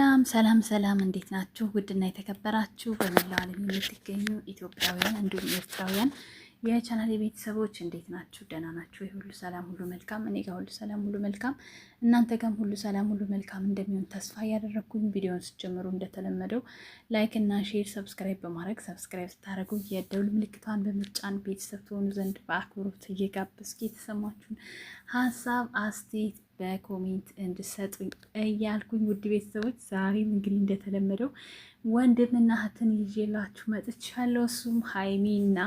ሰላም ሰላም ሰላም፣ እንዴት ናችሁ? ውድና የተከበራችሁ በመላው ዓለም የምትገኙ ኢትዮጵያውያን እንዲሁም ኤርትራውያን የቻናል ቤተሰቦች እንዴት ናችሁ? ደህና ናችሁ? ሁሉ ሰላም፣ ሁሉ መልካም። እኔ ጋር ሁሉ ሰላም፣ ሁሉ መልካም። እናንተ ጋርም ሁሉ ሰላም፣ ሁሉ መልካም እንደሚሆን ተስፋ እያደረግኩኝ ቪዲዮን ስጀምሩ እንደተለመደው ላይክ እና ሼር፣ ሰብስክራይብ በማድረግ ሰብስክራይብ ስታደርጉ የደውል ምልክቷን በምጫን ቤተሰብ ትሆኑ ዘንድ በአክብሮት እየጋበዝኩ የተሰማችሁን ሀሳብ አስተያየት በኮሜንት እንድሰጡኝ እያልኩኝ ውድ ቤተሰቦች ዛሬም እንግዲህ እንደተለመደው ወንድምና እህትን ይዤላችሁ መጥቻለሁ። እሱም ሀይሚና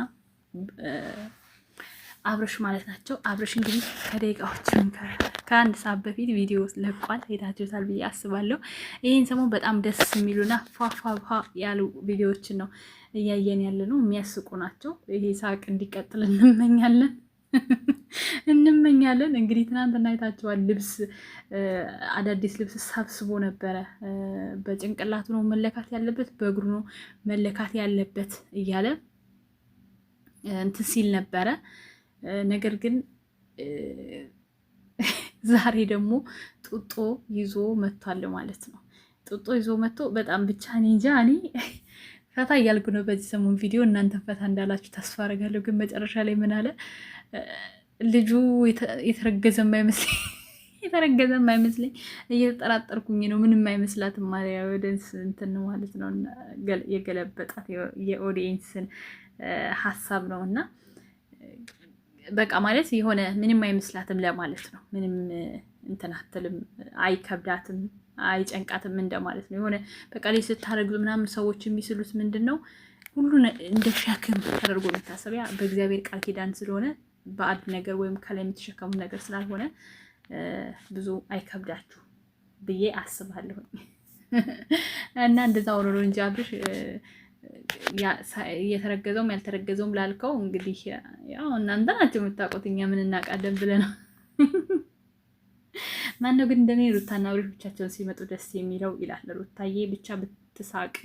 አብረሽ ማለት ናቸው። አብረሽ እንግዲህ ከደቂቃዎች ከአንድ ሰዓት በፊት ቪዲዮ ለቋል፣ ሄዳችሁታል ብዬ አስባለሁ። ይህን ሰሞን በጣም ደስ የሚሉና ፏፏፏ ያሉ ቪዲዮዎችን ነው እያየን ያለ ነው። የሚያስቁ ናቸው። ይሄ ሳቅ እንዲቀጥል እንመኛለን እንመኛለን። እንግዲህ ትናንትና አይታችኋል። ልብስ አዳዲስ ልብስ ሰብስቦ ነበረ። በጭንቅላቱ ነው መለካት ያለበት፣ በእግሩ ነው መለካት ያለበት እያለ እንትን ሲል ነበረ። ነገር ግን ዛሬ ደግሞ ጡጦ ይዞ መጥቷል ማለት ነው። ጡጦ ይዞ መጥቶ በጣም ብቻ እኔ እንጃ እኔ ፈታ እያልኩ ነው በዚህ ሰሞን ቪዲዮ። እናንተን ፈታ እንዳላችሁ ተስፋ አደርጋለሁ። ግን መጨረሻ ላይ ምን አለ ልጁ የተረገዘ የማይመስለኝ የተረገዘ የማይመስለኝ እየተጠራጠርኩኝ ነው። ምንም አይመስላትም ማሪያ ወደንስ እንትን ማለት ነው የገለበጣት የኦዲየንስን ሀሳብ ነው እና በቃ ማለት የሆነ ምንም አይመስላትም ለማለት ነው። ምንም እንትን አትልም፣ አይከብዳትም፣ አይጨንቃትም እንደማለት ነው። የሆነ በቃ ላይ ስታደርግ ምናምን ሰዎች የሚስሉት ምንድን ነው ሁሉ እንደ ሸክም ተደርጎ የሚታሰብ ያ በእግዚአብሔር ቃል ኪዳን ስለሆነ በአድ ነገር ወይም ከላይ የምትሸከሙት ነገር ስላልሆነ ብዙ አይከብዳችሁ ብዬ አስባለሁኝ እና እንደዛ ሆኖ ነው እንጂ አብርሽ እየተረገዘውም ያልተረገዘውም ላልከው እንግዲህ ያው እናንተ ናቸው የምታውቁት፣ እኛ ምን እናውቃለን ብለህ ነው። ማነው ግን እንደኔ ሩታና አብሬሽ ብቻቸውን ሲመጡ ደስ የሚለው ይላል። ሩታዬ ብቻ ብትሳቅ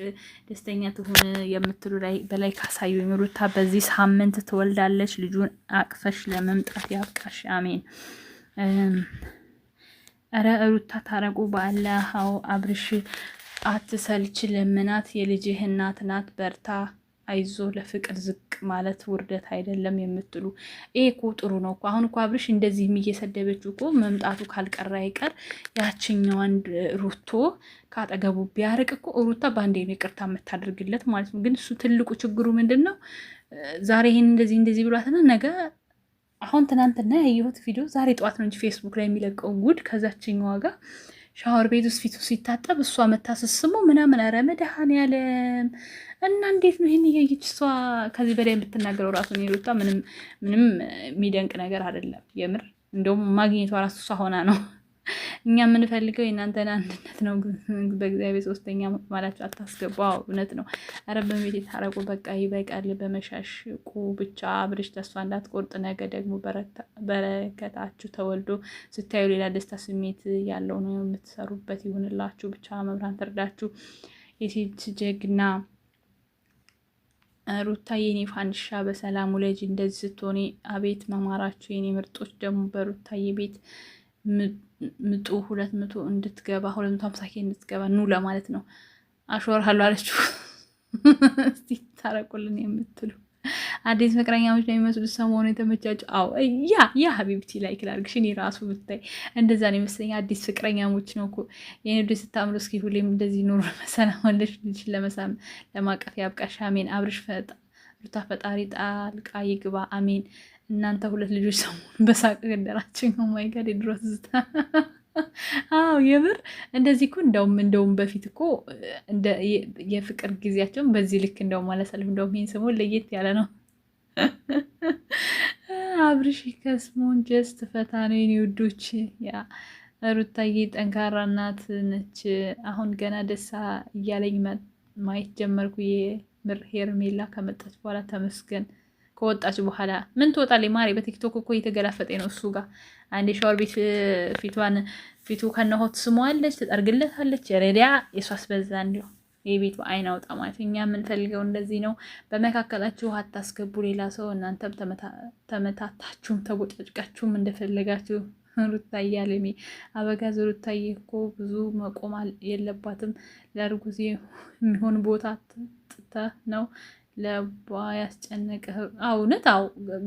ደስተኛ ትሆን የምትሉ በላይ ካሳዩኝ። ሩታ በዚህ ሳምንት ትወልዳለች። ልጁን አቅፈሽ ለመምጣት ያብቃሽ። አሜን። ኧረ ሩታ ታረቁ በአላህ አብርሽ አትሰልች ለምናት፣ የልጅህ እናት ናት በርታ፣ አይዞ ለፍቅር ዝቅ ማለት ውርደት አይደለም የምትሉ ይሄ እኮ ጥሩ ነው እኮ። አሁን እኮ አብርሽ እንደዚህም እየሰደበች እኮ መምጣቱ ካልቀረ አይቀር ያችኛዋን ሩቶ ካጠገቡ ቢያርቅ እኮ ሩታ በአንዴ ነው ይቅርታ የምታደርግለት ማለት ነው። ግን እሱ ትልቁ ችግሩ ምንድን ነው? ዛሬ ይህን እንደዚህ እንደዚህ ብሏትና ነገ አሁን ትናንትና ያየሁት ቪዲዮ ዛሬ ጠዋት ነው እንጂ ፌስቡክ ላይ የሚለቀው ጉድ ከዛችኛዋ ጋር ሻወር ቤት ውስጥ ፊቱ ሲታጠብ እሷ መታስስሙ ምናምን፣ ኧረ መድኃኔዓለም እና እንዴት ነው ይህን እያየች እሷ ከዚህ በላይ የምትናገረው? ራሱን ሄዶቷ ምንም የሚደንቅ ነገር አይደለም የምር እንደውም ማግኘቷ ራሱ እሷ ሆና ነው እኛ የምንፈልገው የእናንተን አንድነት ነው። በእግዚአብሔር ሶስተኛ ማላችሁ አታስገቡ። እውነት ነው። ኧረ በቤት የታረቁ በቃ ይበቃል። በመሻሽቁ ብቻ አብርሽ ተስፋ እንዳትቆርጥ። ነገ ደግሞ በረከታችሁ ተወልዶ ስታዩ ሌላ ደስታ ስሜት ያለው ነው የምትሰሩበት ይሁንላችሁ። ብቻ መብራን ትርዳችሁ። የሴት ጀግና ሩታ የኔ ፋንድሻ በሰላሙ ውለጅ። እንደዚህ ስትሆኔ አቤት መማራችሁ የኔ ምርጦች ደግሞ በሩታዬ ቤት ምጡ ሁለት መቶ እንድትገባ ሁለት መቶ ሀምሳ ኬ እንድትገባ ኑ ለማለት ነው። አሾርሃለሁ አለችው። እስቲ ታረቁልን የምትሉ አዲስ ፍቅረኛሞች ነው የሚመስሉት ሰሞኑ የተመቻቸው። አዎ ያ ያ ሀቢብቲ ላይክ ላድርግሽ። እኔ ራሱ ብታይ እንደዛ ነው ይመስለኝ። አዲስ ፍቅረኛሞች ነው እኮ የንዱ ስታምሮ እስኪ ሁሌም እንደዚህ ኑሮ መሰላም ወለሽ ለመሳም ለማቀፍ ያብቃሽ። አሜን። አብርሽ ፈጣ ሩታ ፈጣሪ ጣልቃ ይግባ። አሜን። እናንተ ሁለት ልጆች ሰሞኑን በሳቅ ገደላችኝ። ማይጋድ oh የድሮ ትዝታ። አዎ የምር እንደዚህ እኮ እንደውም እንደውም በፊት እኮ የፍቅር ጊዜያቸውን በዚህ ልክ እንደውም አላሳልፍ። እንደውም ይህን ስሙ ለየት ያለ ነው። አብርሽ ከስሞን ጀስት ፈታ ነው የኔ ውዶች። ያ ሩታዬ ጠንካራ እናት ነች። አሁን ገና ደሳ እያለኝ ማየት ጀመርኩ። የምር ሄርሜላ ከመጣች በኋላ ተመስገን ከወጣች በኋላ ምን ትወጣለች? ማሪ በቲክቶክ እኮ እየተገላፈጠ ነው እሱ ጋር አንዴ ሻወር ቤት ፊቷን ፊቱ ከነሆት ስሟለች፣ ትጠርግለታለች። ረዲያ የሱ አስበዛ እንዲሁ የቤቱ አይን አውጣ ማለት እኛ የምንፈልገው እንደዚህ ነው። በመካከላችሁ አታስገቡ ሌላ ሰው። እናንተም ተመታታችሁም ተቦጫጭቃችሁም እንደፈለጋችሁ ሩታዬ አለሜ አበጋዝ ሩታዬ እኮ ብዙ መቆም የለባትም። ለእርጉዝ የሚሆን ቦታ ጥተ ነው ለባ ያስጨነቀ እውነት ው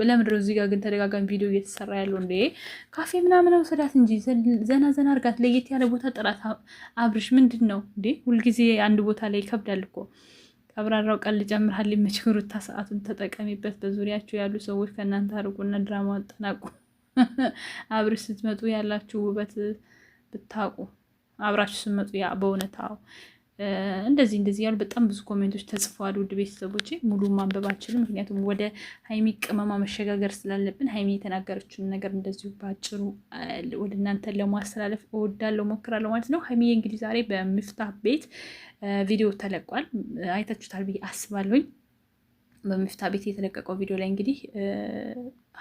ለምድረ እዚህ ጋር ግን ተደጋጋሚ ቪዲዮ እየተሰራ ያለው እንደ ካፌ ምናምን ውሰዳት እንጂ ዘና ዘና እርጋት፣ ለየት ያለ ቦታ ጥራት። አብርሽ ምንድን ነው እንዴ? ሁልጊዜ አንድ ቦታ ላይ ይከብዳል እኮ። ቀብራራው ቀን ልጨምርሃል ታ ሰዓቱን ተጠቀሚበት። በዙሪያቸው ያሉ ሰዎች ከእናንተ አርቁና ድራማ አጠናቁ። አብርሽ ስትመጡ ያላችሁ ውበት ብታቁ አብራችሁ ስትመጡ በእውነት እንደዚህ እንደዚህ ያሉ በጣም ብዙ ኮሜንቶች ተጽፈዋል። ውድ ቤተሰቦች ሙሉ ማንበብ አልችልም፣ ምክንያቱም ወደ ሀይሚ ቅመማ መሸጋገር ስላለብን ሀይሚ የተናገረችውን ነገር እንደዚሁ በአጭሩ ወደ እናንተ ለማስተላለፍ እወዳለሁ፣ ሞክራለሁ ማለት ነው። ሀይሚ እንግዲህ ዛሬ በሚፍታህ ቤት ቪዲዮ ተለቋል፣ አይታችሁታል ብዬ አስባለሁኝ። በሚፍታህ ቤት የተለቀቀው ቪዲዮ ላይ እንግዲህ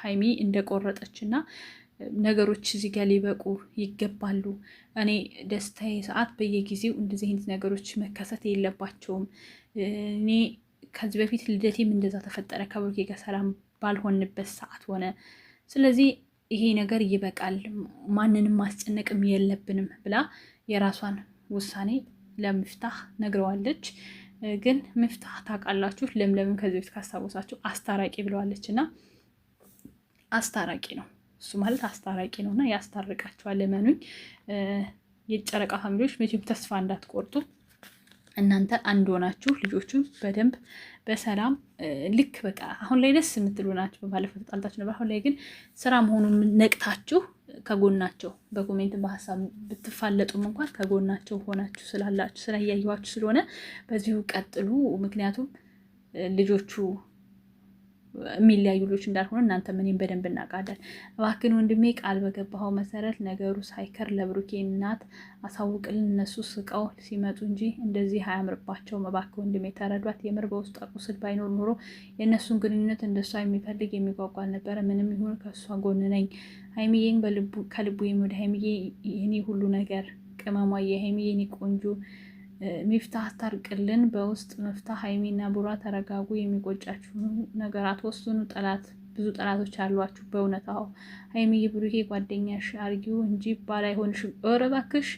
ሀይሚ እንደቆረጠች እና ነገሮች እዚህ ጋር ሊበቁ ይገባሉ። እኔ ደስታዬ ሰዓት በየጊዜው እንደዚህ አይነት ነገሮች መከሰት የለባቸውም። እኔ ከዚህ በፊት ልደቴም እንደዛ ተፈጠረ፣ ከብሩኬ ጋር ሰላም ባልሆንበት ሰዓት ሆነ። ስለዚህ ይሄ ነገር ይበቃል፣ ማንንም ማስጨነቅም የለብንም ብላ የራሷን ውሳኔ ለምፍታህ ነግረዋለች። ግን ምፍታህ ታውቃላችሁ፣ ለምለምን ከዚህ በፊት ካስታወሳችሁ አስታራቂ ብለዋለች እና አስታራቂ ነው እሱ ማለት አስታራቂ ነው እና ያስታርቃቸዋል። እመኑኝ የጨረቃ ፋሚሊዎች መቼም ተስፋ እንዳትቆርጡ። እናንተ አንድ ሆናችሁ ልጆቹ በደንብ በሰላም ልክ በቃ አሁን ላይ ደስ የምትሉ ናቸው። ባለፈው ተጣልታችሁ ነበር። አሁን ላይ ግን ስራ መሆኑን ነቅታችሁ ከጎናቸው በኮሜንት በሀሳብ ብትፋለጡም እንኳን ከጎናቸው ሆናችሁ ስላላችሁ ስላያየኋችሁ ስለሆነ በዚሁ ቀጥሉ። ምክንያቱም ልጆቹ የሚለያዩ ልጆች እንዳልሆነ እናንተ ምንም በደንብ እናውቃለን። እባክን ወንድሜ ቃል በገባኸው መሰረት ነገሩ ሳይከር ለብሩኬ እናት አሳውቅልን። እነሱ ስቀው ሲመጡ እንጂ እንደዚህ አያምርባቸውም። እባክህ ወንድሜ ተረዷት። የምር በውስጥ ቁስል ባይኖር ኖሮ የእነሱን ግንኙነት እንደሷ የሚፈልግ የሚጓጓ አልነበረ። ምንም ይሁን ከእሷ ጎን ነኝ። ሀይሚዬን ከልቡ የሚወድ ሀይሚዬ የኔ ሁሉ ነገር ቅመሟ፣ የሀይሚዬ የኔ ቆንጆ ሚፍታህ ታርቅልን በውስጥ መፍታ ሀይሚና ቡራ ተረጋጉ። የሚቆጫችሁ ነገር አትወስኑ። ጠላት ብዙ ጠላቶች አሏችሁ። በእውነት አዎ ሀይሚዬ፣ ብሩኬ ጓደኛሽ አርጊው እንጂ ባል ኧረ እባክሽ።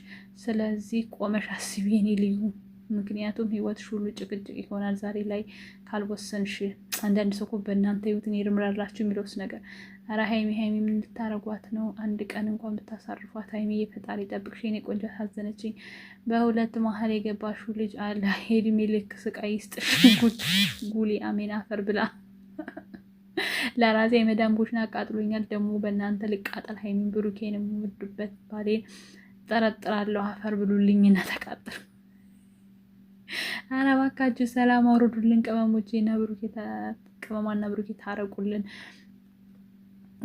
ስለዚህ ቆመሽ አስቢ የኔ ልዩ ምክንያቱም ህይወትሽ ሁሉ ጭቅጭቅ ይሆናል ዛሬ ላይ ካልወሰንሽ። አንዳንድ ሰው እኮ በእናንተ ህይወት እኔ ልምራላችሁ የሚለውስ ነገር ኧረ ሀይሚ ሀይሚ ምን ልታረጓት ነው? አንድ ቀን እንኳን ብታሳርፏት ሀይሚ የፈጣሪ ጠብቅሽ የኔ ቆንጆ አሳዘነችኝ። በሁለት መሀል የገባሹ ልጅ አለ ሄድሜ ልክ ስቃይ ይስጥሽ። ጉሊ አሜን አፈር ብላ ለራሴ የመዳን ቦሽን አቃጥሎኛል። ደግሞ በእናንተ ልቃጠል። ሀይሚን ብሩኬን የምወዱበት ባሌን ጠረጥራለሁ። አፈር ብሉልኝና ተቃጥሉ። ኧረ እባካችሁ ሰላም አውርዱልን ቅመሞቼ፣ ቅመሟና ብሩኬ ታረቁልን።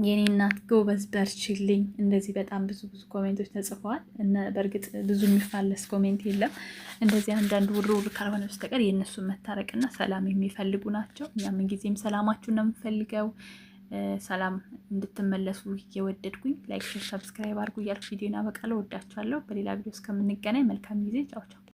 የኔ እናት ጎበዝ በርችልኝ። እንደዚህ በጣም ብዙ ብዙ ኮሜንቶች ተጽፈዋል። በእርግጥ ብዙ የሚፋለስ ኮሜንት የለም። እንደዚህ አንዳንድ ውር ውር ካልሆነ በስተቀር የእነሱን መታረቅና ሰላም የሚፈልጉ ናቸው። እኛ ምንጊዜም ሰላማችሁ ነው የምንፈልገው። ሰላም እንድትመለሱ እየወደድኩኝ ላይክ፣ ሰብስክራይብ አድርጉ እያልኩ ቪዲዮን አበቃለሁ። ወዳችኋለሁ። በሌላ ቪዲዮ እስከምንገናኝ መልካም ጊዜ። ጫውቻው